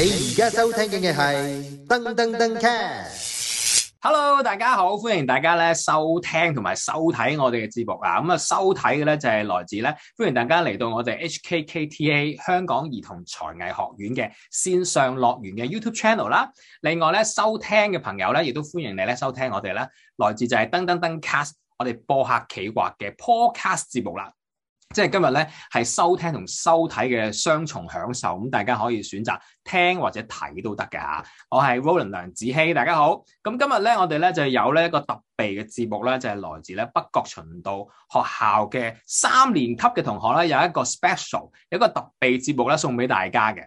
你而家收聽嘅係登登登 c a h e l l o 大家好，歡迎大家咧收聽同埋收睇我哋嘅節目啊！咁啊，收睇嘅咧就係來自咧，歡迎大家嚟到我哋 HKKTA 香港兒童才藝學院嘅線上樂園嘅 YouTube Channel 啦、啊。另外咧收聽嘅朋友咧，亦都歡迎你咧收聽我哋咧來自就係登噔噔 cast，我哋播客企劃嘅 podcast 節目啦。啊即係今日咧，係收聽同收睇嘅雙重享受，咁大家可以選擇聽或者睇都得嘅吓。我係 Roland 梁梓禧，大家好。咁今日咧，我哋咧就有呢一個特別嘅節目咧，就係、是、來自咧北角循道學校嘅三年級嘅同學咧，有一個 special，一個特別節目咧送俾大家嘅。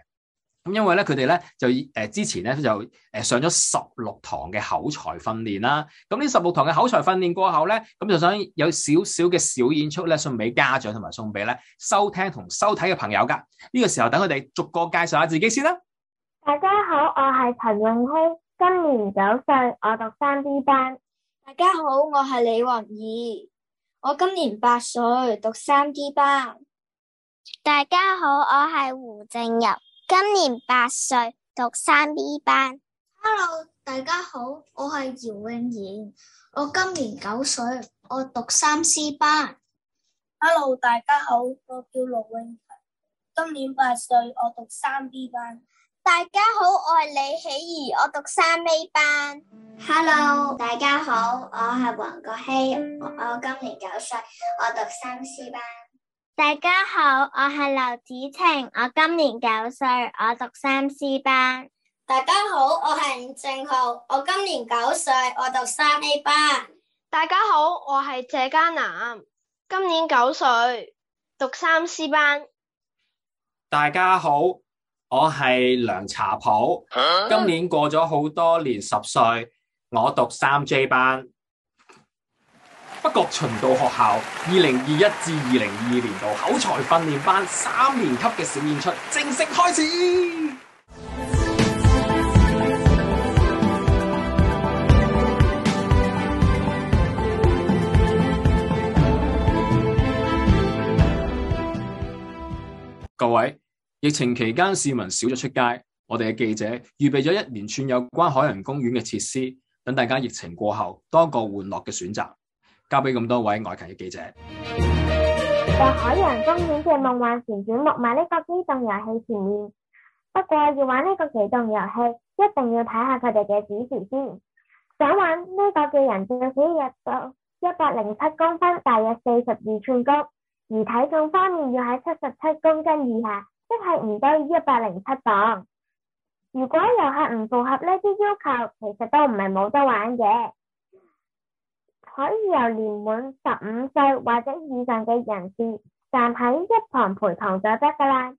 咁因為咧，佢哋咧就誒之前咧就誒上咗十六堂嘅口才訓練啦。咁呢十六堂嘅口才訓練過後咧，咁就想有少少嘅小演出咧，送俾家長同埋送俾咧收聽同收睇嘅朋友噶。呢個時候等佢哋逐個介紹下自己先啦。大家好，我係陳永熙，今年九歲，我讀三 D, D 班。大家好，我係李王怡，我今年八歲，讀三 D 班。大家好，我係胡正柔。今年八歲，讀三 B 班。Hello，大家好，我係姚永賢，我今年九歲，我讀三 C 班。Hello，大家好，我叫盧永賢，今年八歲，我讀三 B 班。大家好，我係李喜怡，我讀三 A 班。Hello，Hello 大家好，um，我係黃國希，um，我今年九歲，我讀三 C 班。大家好，我係劉子晴，我今年九歲，我讀三 C 班。大家好，我係吳正浩，我今年九歲，我讀三 A 班。大家好，我係謝嘉南，今年九歲，讀三 C 班。大家好，我係梁茶普，啊、今年過咗好多年十歲，我讀三 J 班。北角循道學校二零二一至二零二二年度口才訓練班三年級嘅小演出正式開始。各位，疫情期間市民少咗出街，我哋嘅記者預備咗一連串有關海洋公園嘅設施，等大家疫情過後多個玩樂嘅選擇。交俾咁多位外勤嘅記者。海洋公園嘅夢幻旋轉木馬呢個機動遊戲前面，不過要玩呢個機動遊戲，一定要睇下佢哋嘅指示先。想玩呢、這個嘅人最少入到一百零七公分，大約四十二寸高，而體重方面要喺七十七公斤以下，即係唔多於一百零七磅。如果遊客唔符合呢啲要求，其實都唔係冇得玩嘅。可以由年滿十五歲或者以上嘅人士站喺一旁陪同就得噶啦。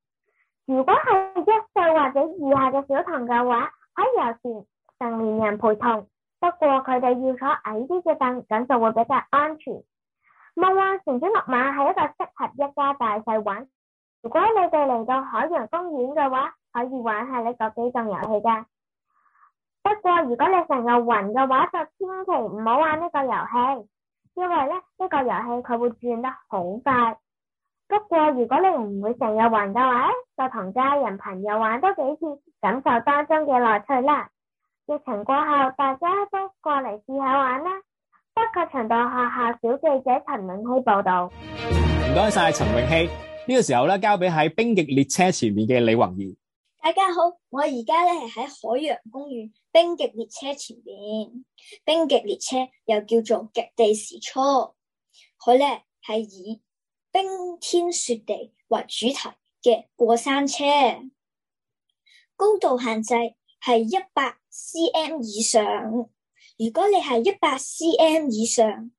如果係一歲或者以下嘅小童嘅話，可以由成成年人陪同，不過佢哋要坐矮啲嘅凳，咁就會比較安全。夢幻旋轉木馬係一個適合一家大細玩。如果你哋嚟到海洋公園嘅話，可以玩下呢個機動遊戲噶。不過如果你成日暈嘅話，就千祈唔好玩呢個遊戲，因為咧呢個遊戲佢會轉得好快。不過如果你唔會成日暈嘅話，就同家人朋友玩多幾次，感受當中嘅樂趣啦。疫情過後，大家都過嚟試下玩啦。不過，循道學校小記者陳永熙報道。唔該晒陳永熙，呢個時候咧，交俾喺冰極列車前面嘅李宏義。大家好，我而家咧係喺海洋公園。冰極列車前面，冰極列車又叫做極地時速。佢呢係以冰天雪地為主題嘅過山車，高度限制係一百 cm 以上。如果你係一百 cm 以上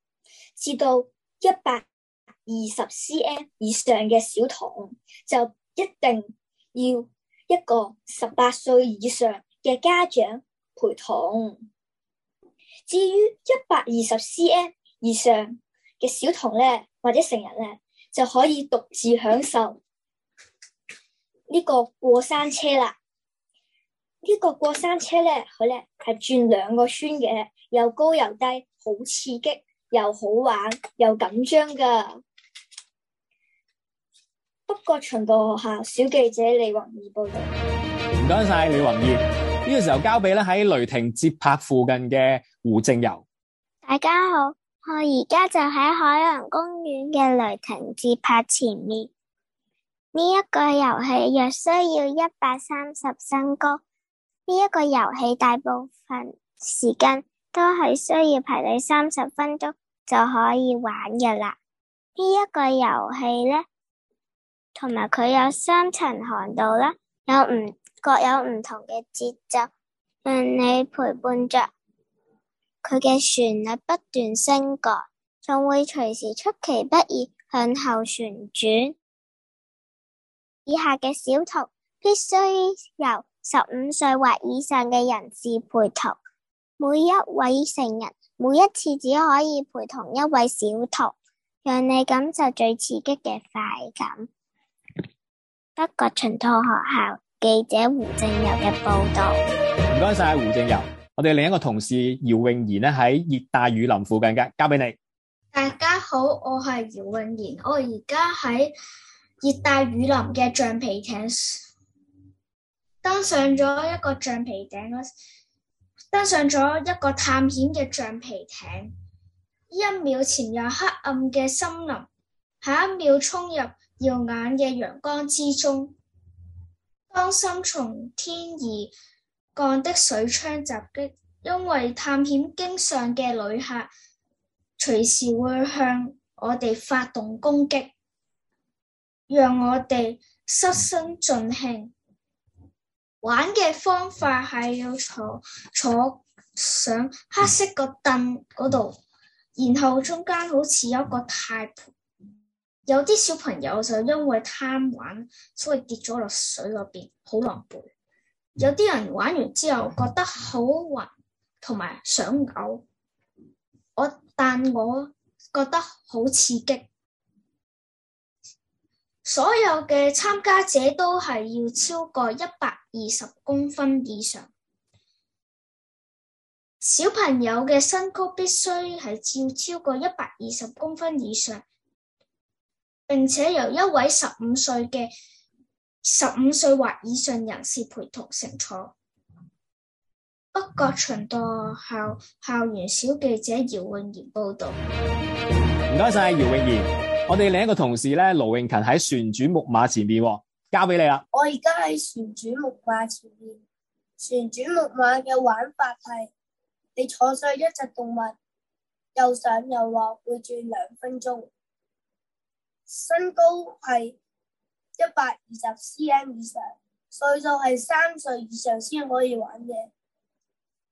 至到一百二十 cm 以上嘅小童，就一定要一個十八歲以上嘅家長。陪同。至於一百二十 cm 以上嘅小童咧，或者成人咧，就可以獨自享受呢個過山車啦。呢、這個過山車咧，佢咧係轉兩個圈嘅，又高又低，好刺激，又好玩，又緊張噶。北角循道學校小記者李宏義報道。唔該晒，李宏義。呢個時候交俾咧，喺雷霆節拍附近嘅胡正游。大家好，我而家就喺海洋公園嘅雷霆節拍前面。呢、這、一個遊戲約需要一百三十身高，呢、這、一個遊戲大部分時間都係需要排你三十分鐘就可以玩嘅啦。呢、這、一個遊戲呢，同埋佢有三層航道啦，有唔～各有唔同嘅節奏，讓你陪伴着佢嘅旋律不斷升高，仲會隨時出其不意向後旋轉。以下嘅小童必須由十五歲或以上嘅人士陪同，每一位成人每一次只可以陪同一位小童，讓你感受最刺激嘅快感。不過，循道學校。記者胡正游嘅報道，唔該晒胡正游。我哋另一個同事姚泳儀咧喺熱帶雨林附近嘅，交俾你。大家好，我係姚泳儀，我而家喺熱帶雨林嘅橡皮艇，登上咗一個橡皮艇啦，登上咗一個探險嘅橡皮艇。一秒前有黑暗嘅森林，下一秒衝入耀眼嘅陽光之中。當心從天而降的水槍襲擊，因為探險經上嘅旅客隨時會向我哋發動攻擊，讓我哋失身盡興。玩嘅方法係要坐坐上黑色個凳嗰度然後中間好似有個軚盤。有啲小朋友就因為貪玩，所以跌咗落水嗰邊，好狼狽。有啲人玩完之後覺得好暈，同埋想嘔。我但我覺得好刺激。所有嘅參加者都係要超過一百二十公分以上。小朋友嘅身高必須係照超過一百二十公分以上。並且由一位十五歲嘅十五歲或以上人士陪同乘坐。北角循道學校校園小記者姚穎儀報道。唔該晒姚穎儀，我哋另一個同事咧盧永勤喺旋轉木馬前面，交俾你啦。我而家喺旋轉木馬前面。旋轉木馬嘅玩法係你坐上一隻動物，又上又落，會轉兩分鐘。身高係一百二十 cm 以上，歲數係三歲以上先可以玩嘅。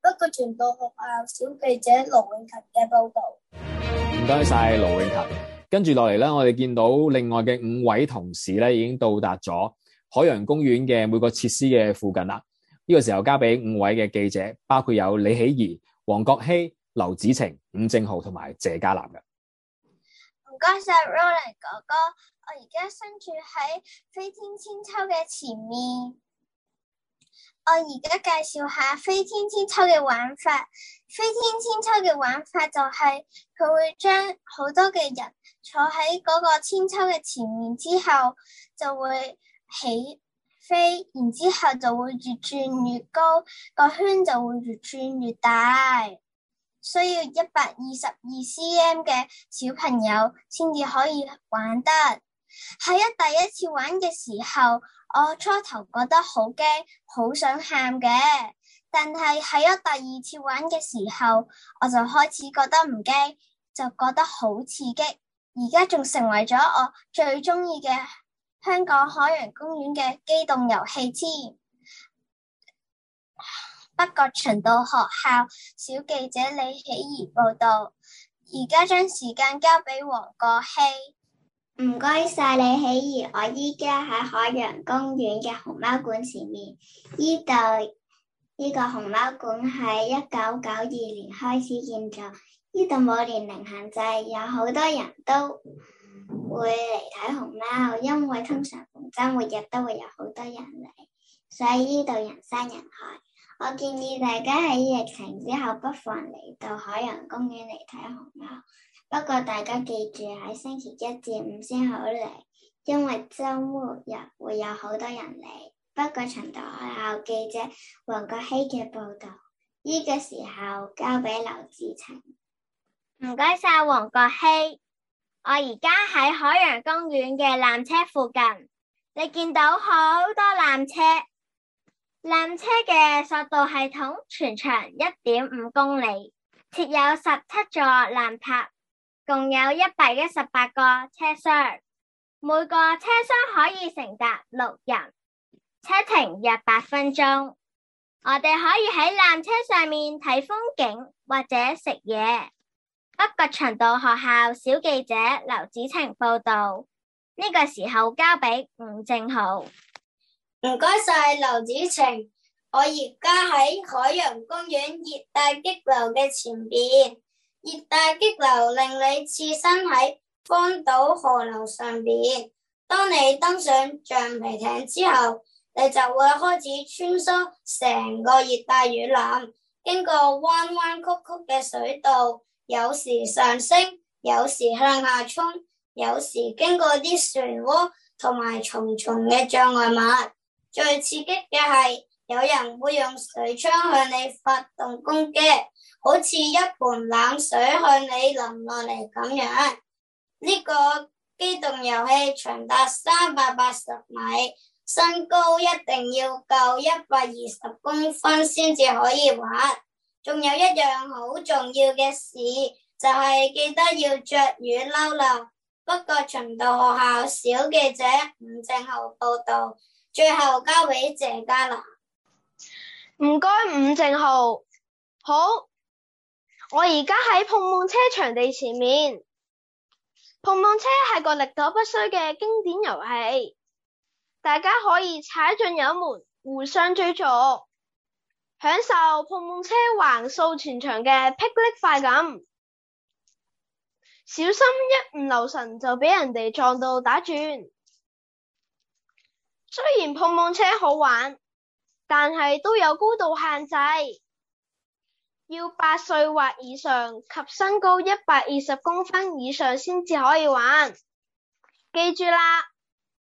不過，循道學校小記者盧永勤嘅報道。唔該晒盧永勤。跟住落嚟咧，我哋見到另外嘅五位同事咧，已經到達咗海洋公園嘅每個設施嘅附近啦。呢個時候交俾五位嘅記者，包括有李喜怡、黃國希、劉子晴、伍正豪同埋謝家南嘅。唔該晒，Rolly 哥哥，我而家身處喺飛天千秋嘅前面。我而家介紹下飛天千秋嘅玩法。飛天千秋嘅玩法就係，佢會將好多嘅人坐喺嗰個千秋嘅前面之後，就會起飛，然之後就會越轉越高，個圈就會越轉越大。需要一百二十二 cm 嘅小朋友先至可以玩得。喺一第一次玩嘅時候，我初頭覺得好驚，好想喊嘅。但係喺一第二次玩嘅時候，我就開始覺得唔驚，就覺得好刺激。而家仲成為咗我最中意嘅香港海洋公園嘅機動遊戲添。北角循道學校小記者李喜兒報道，而家將時間交俾黃國希。唔該晒，李喜兒，我依家喺海洋公園嘅熊貓館前面。呢度呢個熊貓館喺一九九二年開始建造，呢度冇年齡限制，有好多人都會嚟睇熊貓，因為通常逢周末日都會有好多人嚟，所以呢度人山人海。我建議大家喺疫情之後不妨嚟到海洋公園嚟睇熊貓，不過大家記住喺星期一至五先好嚟，因為周末日會有好多人嚟。不過循道學校記者黃國希嘅報導，呢、這個時候交俾劉志晴。唔該晒，黃國希，我而家喺海洋公園嘅纜車附近，你見到好多纜車。纜車嘅索道系統全長一點五公里，設有十七座纜塔，共有一百一十八個車廂，每個車廂可以乘搭六人。車程約八分鐘，我哋可以喺纜車上面睇風景或者食嘢。北角循道學校小記者劉子晴報道。呢、這個時候交俾吳正浩。唔該晒劉子晴，我而家喺海洋公園熱帶激流嘅前邊。熱帶激流令你置身喺荒島河流上邊。當你登上橡皮艇之後，你就會開始穿梭成個熱帶雨林，經過彎彎曲曲嘅水道，有時上升，有時向下衝，有時經過啲漩渦同埋重重嘅障礙物。最刺激嘅係有人會用水槍向你發動攻擊，好似一盆冷水向你淋落嚟咁樣。呢、這個機動遊戲長達三百八十米，身高一定要夠一百二十公分先至可以玩。仲有一樣好重要嘅事，就係、是、記得要着雨褸啦。不過，循道學校小記者吳正豪報道。最後交畀謝嘉樂，唔該，伍正浩，好，我而家喺碰碰車場地前面。碰碰車係個力度不衰嘅經典遊戲，大家可以踩進油門，互相追逐，享受碰碰車橫掃全場嘅霹靂快感。小心一唔留神就畀人哋撞到打轉。雖然碰碰車好玩，但係都有高度限制，要八歲或以上及身高一百二十公分以上先至可以玩。記住啦，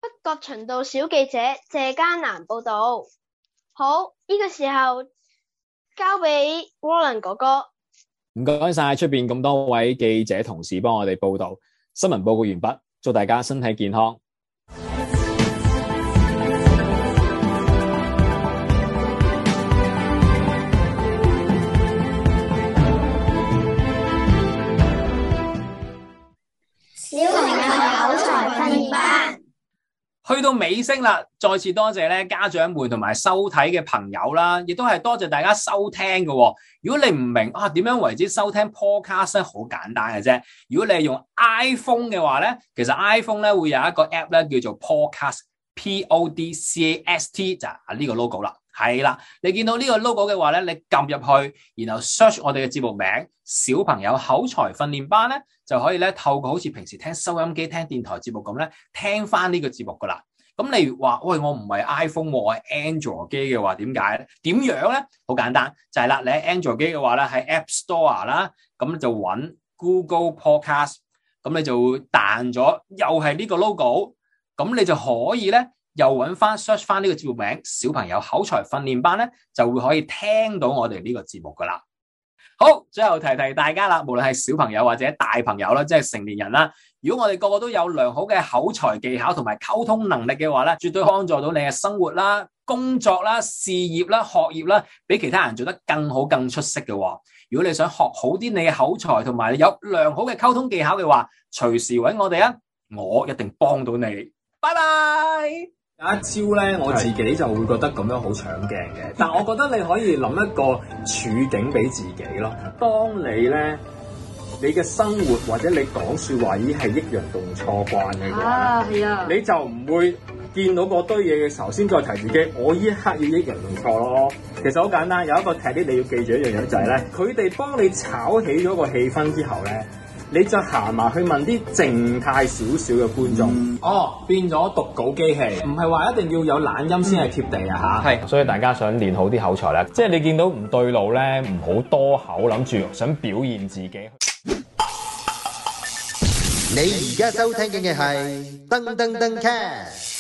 北角循道小記者謝嘉南報道。好，呢、這個時候交畀 Roland 哥哥。唔該晒，出邊咁多位記者同事幫我哋報道新聞，報告完畢，祝大家身體健康。去到尾聲啦，再次多謝咧家長們同埋收睇嘅朋友啦，亦都係多謝大家收聽嘅哦。如果你唔明啊點樣為之收聽 podcast 咧，好簡單嘅啫。如果你係用 iPhone 嘅話咧，其實 iPhone 咧會有一個 app 咧叫做 podcast，p o d c a s t 就係呢個 logo 啦。係啦，你見到呢個 logo 嘅話咧，你撳入去，然後 search 我哋嘅節目名《小朋友口才訓練班》咧，就可以咧透過好似平時聽收音機聽電台節目咁咧，聽翻呢個節目噶啦。咁你話喂，我唔係 iPhone 我係 Android 機嘅話，點解咧？點樣咧？好簡單，就係啦。你喺 Android 機嘅話咧，喺 App Store 啦，咁就揾 Google Podcast，咁你就彈咗，又係呢個 logo，咁你就可以咧。又揾翻 search 翻呢個節目名，小朋友口才訓練班咧，就會可以聽到我哋呢個節目噶啦。好，最後提提大家啦，無論係小朋友或者大朋友啦，即係成年人啦，如果我哋個個都有良好嘅口才技巧同埋溝通能力嘅話咧，絕對幫助到你嘅生活啦、工作啦、事業啦、學業啦，比其他人做得更好、更出色嘅。如果你想學好啲你嘅口才同埋有良好嘅溝通技巧嘅話，隨時搵我哋啊，我一定幫到你。拜拜。有一招咧，我自己就會覺得咁樣好搶鏡嘅。但係我覺得你可以諗一個處境俾自己咯。當你咧，你嘅生活或者你講說話已經係抑揚頓挫慣嘅嘢，啊啊、你就唔會見到嗰堆嘢嘅時候，先再提自己。我依一刻要抑揚頓挫咯。其實好簡單，有一個 tips 你要記住一樣嘢就係咧，佢哋幫你炒起咗個氣氛之後咧。你就行埋去問啲靜態少少嘅觀眾，嗯，哦，變咗讀稿機器，唔係話一定要有懶音先係貼地啊吓，係，所以大家想練好啲口才咧，即係你見到唔對路咧，唔好多口諗住想表現自己。你而家收聽緊嘅係噔噔噔 cast